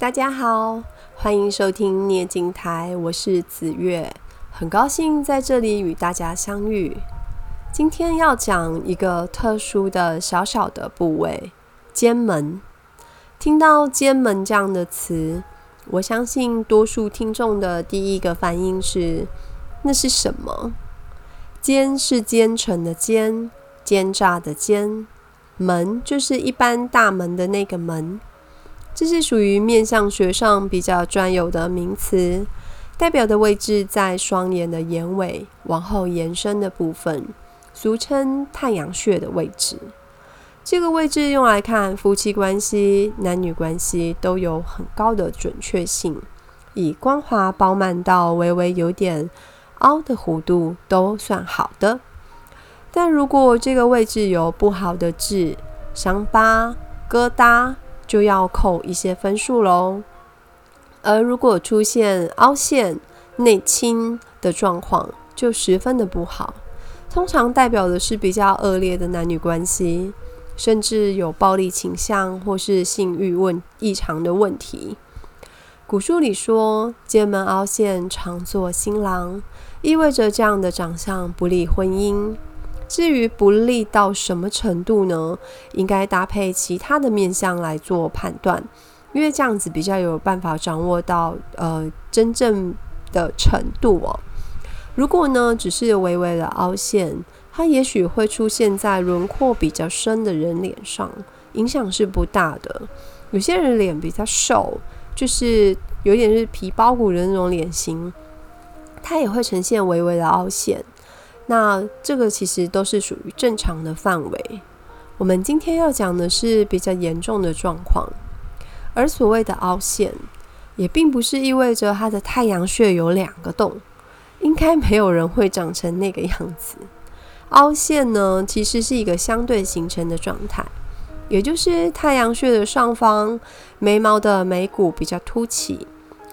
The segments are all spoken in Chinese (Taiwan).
大家好，歡迎收聽聶經台，我是紫玥，很高興在這裡與大家相遇。今天要講一個特殊的小小的部位——奸門。聽到“奸門”這樣的詞，我相信多數聽眾的第一個反應是：那是什麼？“奸”是奸臣的“奸”，奸詐的“奸”；“門”就是一般大門的那個“門”。這是屬於面相學上比較專有的名詞，代表的位置在雙眼的眼尾往後延伸的部分，俗稱太陽穴的位置。這個位置用來看夫妻關係、男女關係都有很高的準確性。以光滑飽滿到微微有點凹的弧度都算好的，但如果這個位置有不好的痣、傷疤、疙瘩。就要扣一些分數嘍。而如果出現凹陷、內侵的狀況，就十分的不好，通常代表的是比較惡劣的男女關係，甚至有暴力傾向或是性慾問異常的問題。古書裡說，奸門凹陷，常做新郎，意味着這樣的長相不利婚姻。至於不利到什麼程度呢？應該搭配其他的面相來做判斷，因為這樣子比較有辦法掌握到呃真正的程度哦、喔。如果呢，只是微微的凹陷，它也許會出現在輪廓比較深的人臉上，影響是不大的。有些人臉比較瘦，就是有點是皮包骨的那種臉型，它也會呈現微微的凹陷。那這個其實都是屬於正常的範圍。我們今天要講的是比較嚴重的狀況，而所謂的凹陷，也並不是意味着它的太陽穴有兩個洞，應該沒有人會長成那個樣子。凹陷呢，其實是一個相對形成的狀態，也就是太陽穴的上方，眉毛的眉骨比較凸起。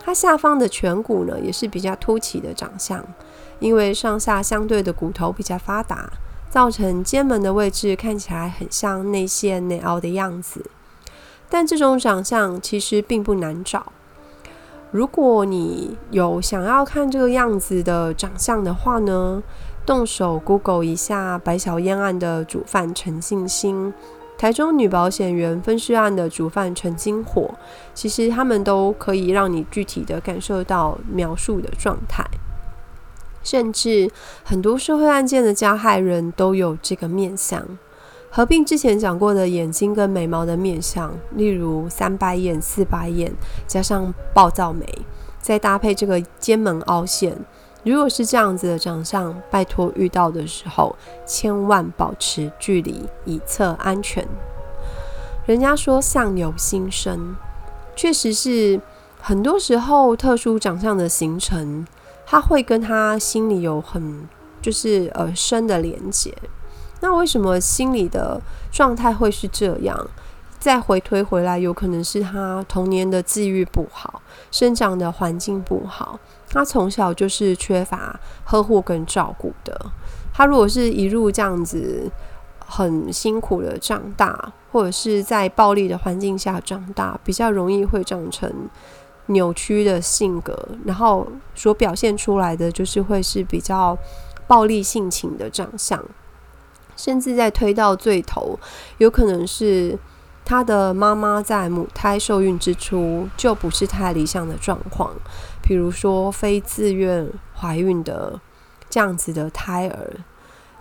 它下方的顴骨呢，也是比較凸起的長相，因為上下相對的骨頭比較發達，造成奸門的位置看起來很像內陷內凹的樣子。但這種長相其實並不難找，如果你有想要看這個樣子的長相的話呢，動手 Google 一下白曉燕案的主犯陳進興。台中女保險員分屍案的主犯陳金火，其實他們都可以讓你具體的感受到描述的狀態，甚至很多社會案件的加害人都有這個面相。合併之前講過的眼睛跟眉毛的面相，例如三白眼、四白眼，加上暴躁眉，再搭配這個奸門凹陷。如果是這樣子的長相，拜托遇到的時候，千萬保持距離，以策安全。人家說相由心生，確實是，很多時候特殊長相的形成，他會跟他心裡有很就是呃深的連接。那為什麼心裡的狀態會是這樣？再回推回來，有可能是他童年的際遇不好，生長的環境不好，他從小就是缺乏呵護跟照顧的。他如果是一路這樣子很辛苦的長大，或者是在暴力的環境下長大，比較容易會長成扭曲的性格，然後所表現出來的就是會是比較暴力性情的長相，甚至再推到最頭，有可能是。他的媽媽在母胎受孕之初就不是太理想的狀況，比如說非自願懷孕的這樣子的胎兒，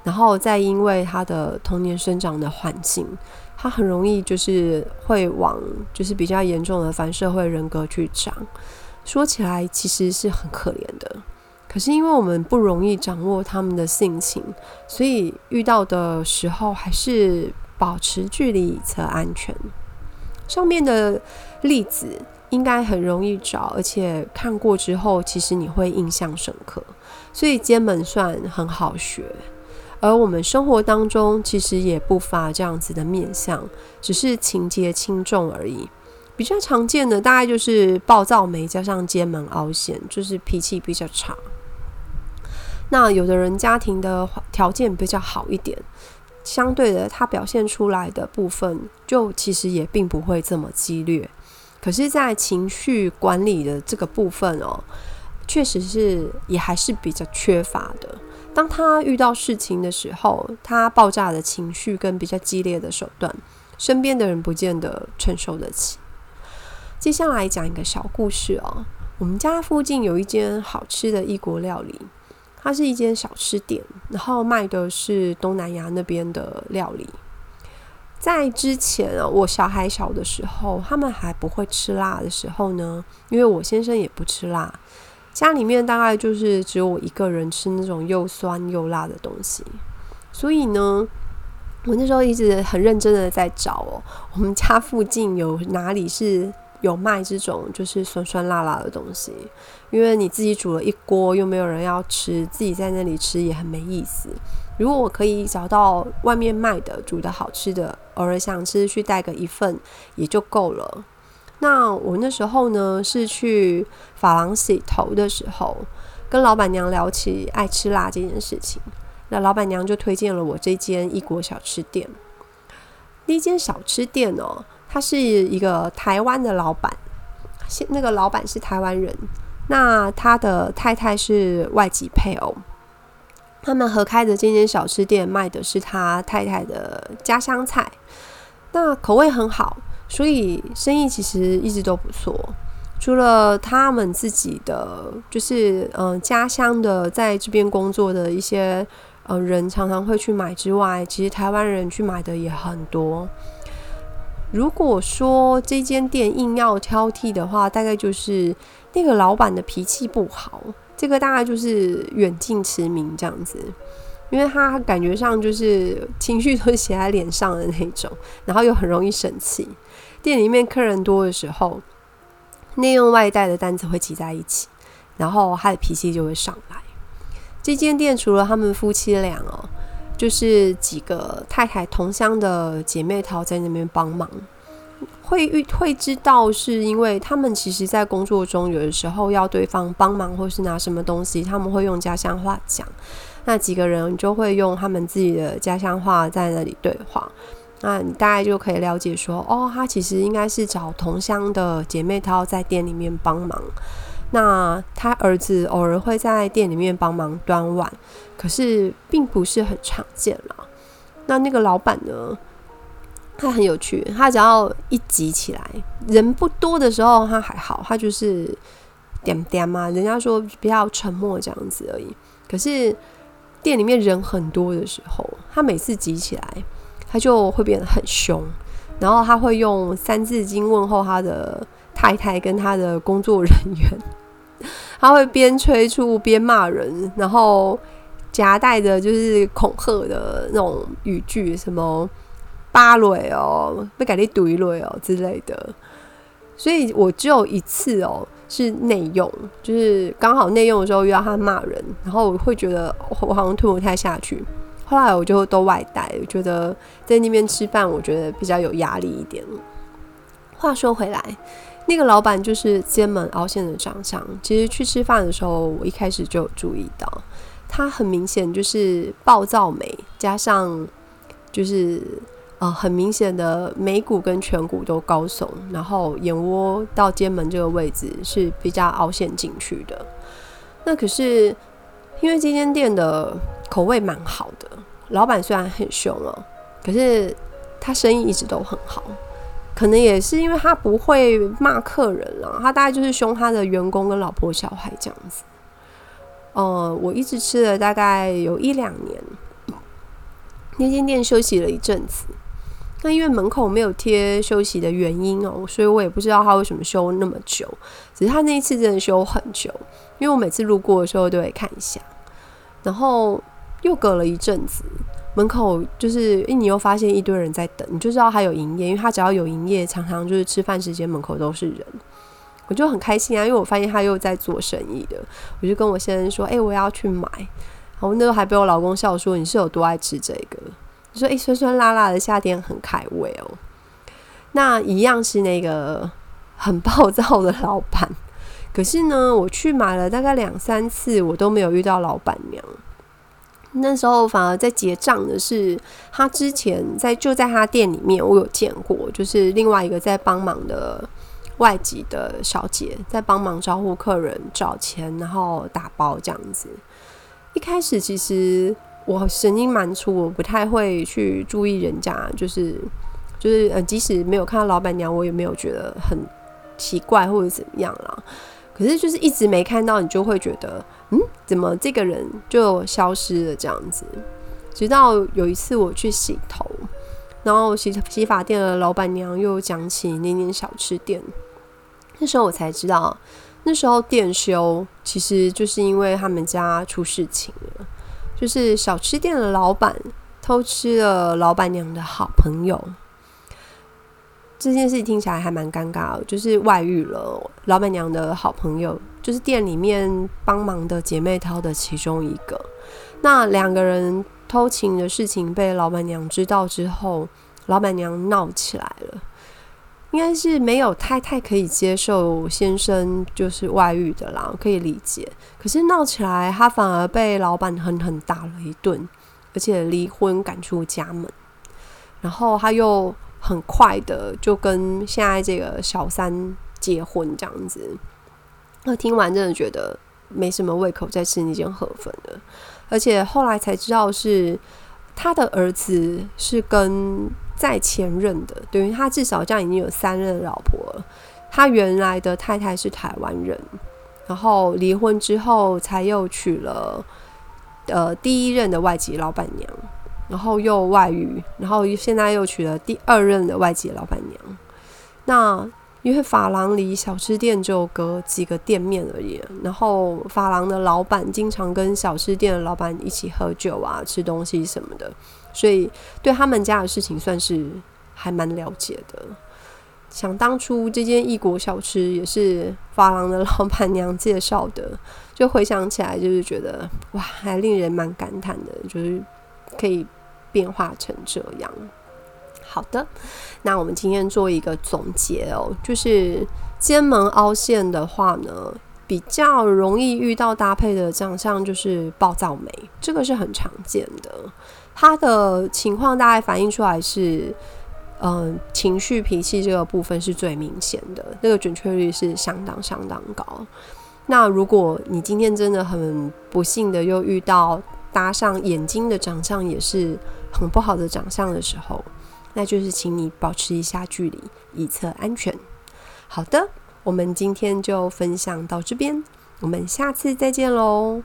然後再因為他的童年生長的環境，他很容易就是會往就是比較嚴重的反社會人格去長。說起來其實是很可憐的，可是因為我們不容易掌握他們的性情，所以遇到的時候還是。保持距離則安全。上面的例子應該很容易找，而且看過之後，其實你會印象深刻。所以奸門算很好學，而我們生活當中其實也不乏這樣子的面相，只是情節輕重而已。比較常見的大概就是暴躁眉加上奸門凹陷，就是脾氣比較差。那有的人家庭的條件比較好一點。相對的，他表現出來的部分，就其實也並不會這麼激烈。可是，在情緒管理的這個部分哦，確實是也還是比較缺乏的。當他遇到事情的時候，他爆炸的情緒跟比較激烈的手段，身邊的人不見得承受得起。接下來講一個小故事哦，我們家附近有一間好吃的異國料理。它是一間小吃店，然後賣的是東南亞那邊的料理。在之前啊，我小孩小的時候，他們還不會吃辣的時候呢，因為我先生也不吃辣，家裡面大概就是只有我一個人吃那種又酸又辣的東西，所以呢，我那時候一直很認真的在找哦，我們家附近有哪裡是。有賣這種就是酸酸辣辣的東西，因為你自己煮了一鍋，又沒有人要吃，自己在那裡吃也很沒意思。如果我可以找到外面賣的煮的好吃的，偶爾想吃去帶個一份也就夠了。那我那時候呢，是去髮廊洗頭的時候，跟老闆娘聊起愛吃辣這件事情，那老闆娘就推薦了我這間一鍋小吃店。那間小吃店哦、喔。他是一個台灣的老闆，那個老闆是台灣人，那他的太太是外籍配偶，他們合開的這間小吃店賣的是他太太的家鄉菜，那口味很好，所以生意其實一直都不錯。除了他們自己的，就是嗯、呃、家鄉的，在這邊工作的一些、呃、人常常會去買之外，其實台灣人去買的也很多。如果說這間店硬要挑剔的話，大概就是那個老板的脾氣不好。這個大概就是遠近馳名這樣子，因為他感覺上就是情緒都寫在臉上的那種，然後又很容易生氣。店裡面客人多的時候，內用外帶的單子會擠在一起，然後他的脾氣就會上來。這間店除了他們夫妻倆哦、喔。就是幾個太太同鄉的姐妹淘在那邊幫忙，會會知道是因為他們其實在工作中有的時候要對方幫忙或是拿什麼東西，他們會用家鄉話講，那幾個人就會用他們自己的家鄉話在那裡對話，那你大概就可以了解說，哦，他其實應該是找同鄉的姐妹淘在店裡面幫忙。那他兒子偶爾會在店裡面幫忙端碗，可是並不是很常見了。那那個老闆呢，他很有趣，他只要一急起來，人不多的時候他還好，他就是點點嘛、啊，人家說比較沉默這樣子而已。可是店裡面人很多的時候，他每次急起來，他就會變得很凶，然後他會用《三字經》問候他的。太太跟他的工作人員，他會邊催促邊罵人，然後夾帶着就是恐嚇的那種語句，什麼八蕊哦，被改地懟一壘哦、喔、之類的。所以我只有一次哦、喔、是內用，就是剛好內用的時候遇到他罵人，然後我會覺得我好像吞不太下去。後來我就都外帶，我覺得在那邊吃飯，我覺得比較有壓力一點。話說回來。那個老闆就是奸門凹陷的長相。其實去吃飯的時候，我一開始就有注意到他很明顯就是暴躁眉，加上就是啊、呃，很明顯的眉骨跟顴骨都高聳，然後眼窩到奸門這個位置是比較凹陷進去的。那可是因為這間店的口味蠻好的，老闆雖然很凶哦，可是他生意一直都很好。可能也是因為他不會罵客人了，他大概就是凶他的員工跟老婆小孩這樣子。呃，我一直吃了大概有一兩年，那間店休息了一陣子。那因為門口沒有貼休息的原因哦，所以我也不知道他為什麼休那麼久。只是他那一次真的休很久，因為我每次路過的時候都會看一下，然後又隔了一陣子。門口就是，你又發現一堆人在等，你就知道他有營業，因為他只要有營業，常常就是吃飯時間門口都是人，我就很開心啊，因為我發現他又在做生意的，我就跟我先生說：“哎，我要去買。”然後那時候還被我老公笑說：“你是有多愛吃這個？”你說：“哎，酸酸辣辣的夏天很開胃哦。”那一樣是那個很暴躁的老闆，可是呢，我去買了大概兩三次，我都沒有遇到老闆娘。那時候反而在結賬的是他之前在就在他店裡面，我有見過，就是另外一個在幫忙的外籍的小姐在幫忙招呼客人找錢，然後打包這樣子。一開始其實我神經蠻粗，我不太會去注意人家，就是就是呃，即使沒有看到老板娘，我也沒有覺得很奇怪或者怎麼樣啦。可是就是一直沒看到，你就會覺得。嗯，怎麼這個人就消失了？這樣子，直到有一次我去洗頭，然後洗洗髮店的老闆娘又講起那間小吃店，那時候我才知道，那時候店休其實就是因為他們家出事情了，就是小吃店的老闆偷吃了老闆娘的好朋友。這件事聽起來還蠻尷尬的，就是外遇了老闆娘的好朋友。就是店裡面幫忙的姐妹淘的其中一個，那兩個人偷情的事情被老闆娘知道之後，老闆娘鬧起來了，應該是沒有太太可以接受先生就是外遇的啦，可以理解。可是鬧起來，她反而被老闆狠狠打了一頓，而且離婚趕出家門，然後她又很快的就跟現在這個小三結婚，這樣子。聽完真的覺得沒什麼胃口再吃那間河粉了，而且後來才知道是他的兒子是跟在前任的，等於他至少這樣已經有三任老婆了。他原來的太太是台灣人，然後離婚之後才又娶了呃第一任的外籍老板娘，然後又外遇，然後現在又娶了第二任的外籍老板娘。那。因為髮廊離小吃店就隔幾個店面而已，然後髮廊的老闆經常跟小吃店的老闆一起喝酒啊、吃東西什麼的，所以對他們家的事情算是還蠻了解的。想當初這間異國小吃也是髮廊的老闆娘介紹的，就回想起來就是覺得哇，還令人蠻感嘆的，就是可以變化成這樣。好的，那我們今天做一個總結哦。就是奸門凹陷的話呢，比較容易遇到搭配的長相就是暴躁眉，這個是很常見的。它的情況大概反映出來是，嗯、呃，情緒脾氣這個部分是最明顯的，那個準確率是相當相當高。那如果你今天真的很不幸的又遇到搭上眼睛的長相也是很不好的長相的時候。那就是，請你保持一下距離，以策安全。好的，我們今天就分享到這邊，我們下次再見嘍。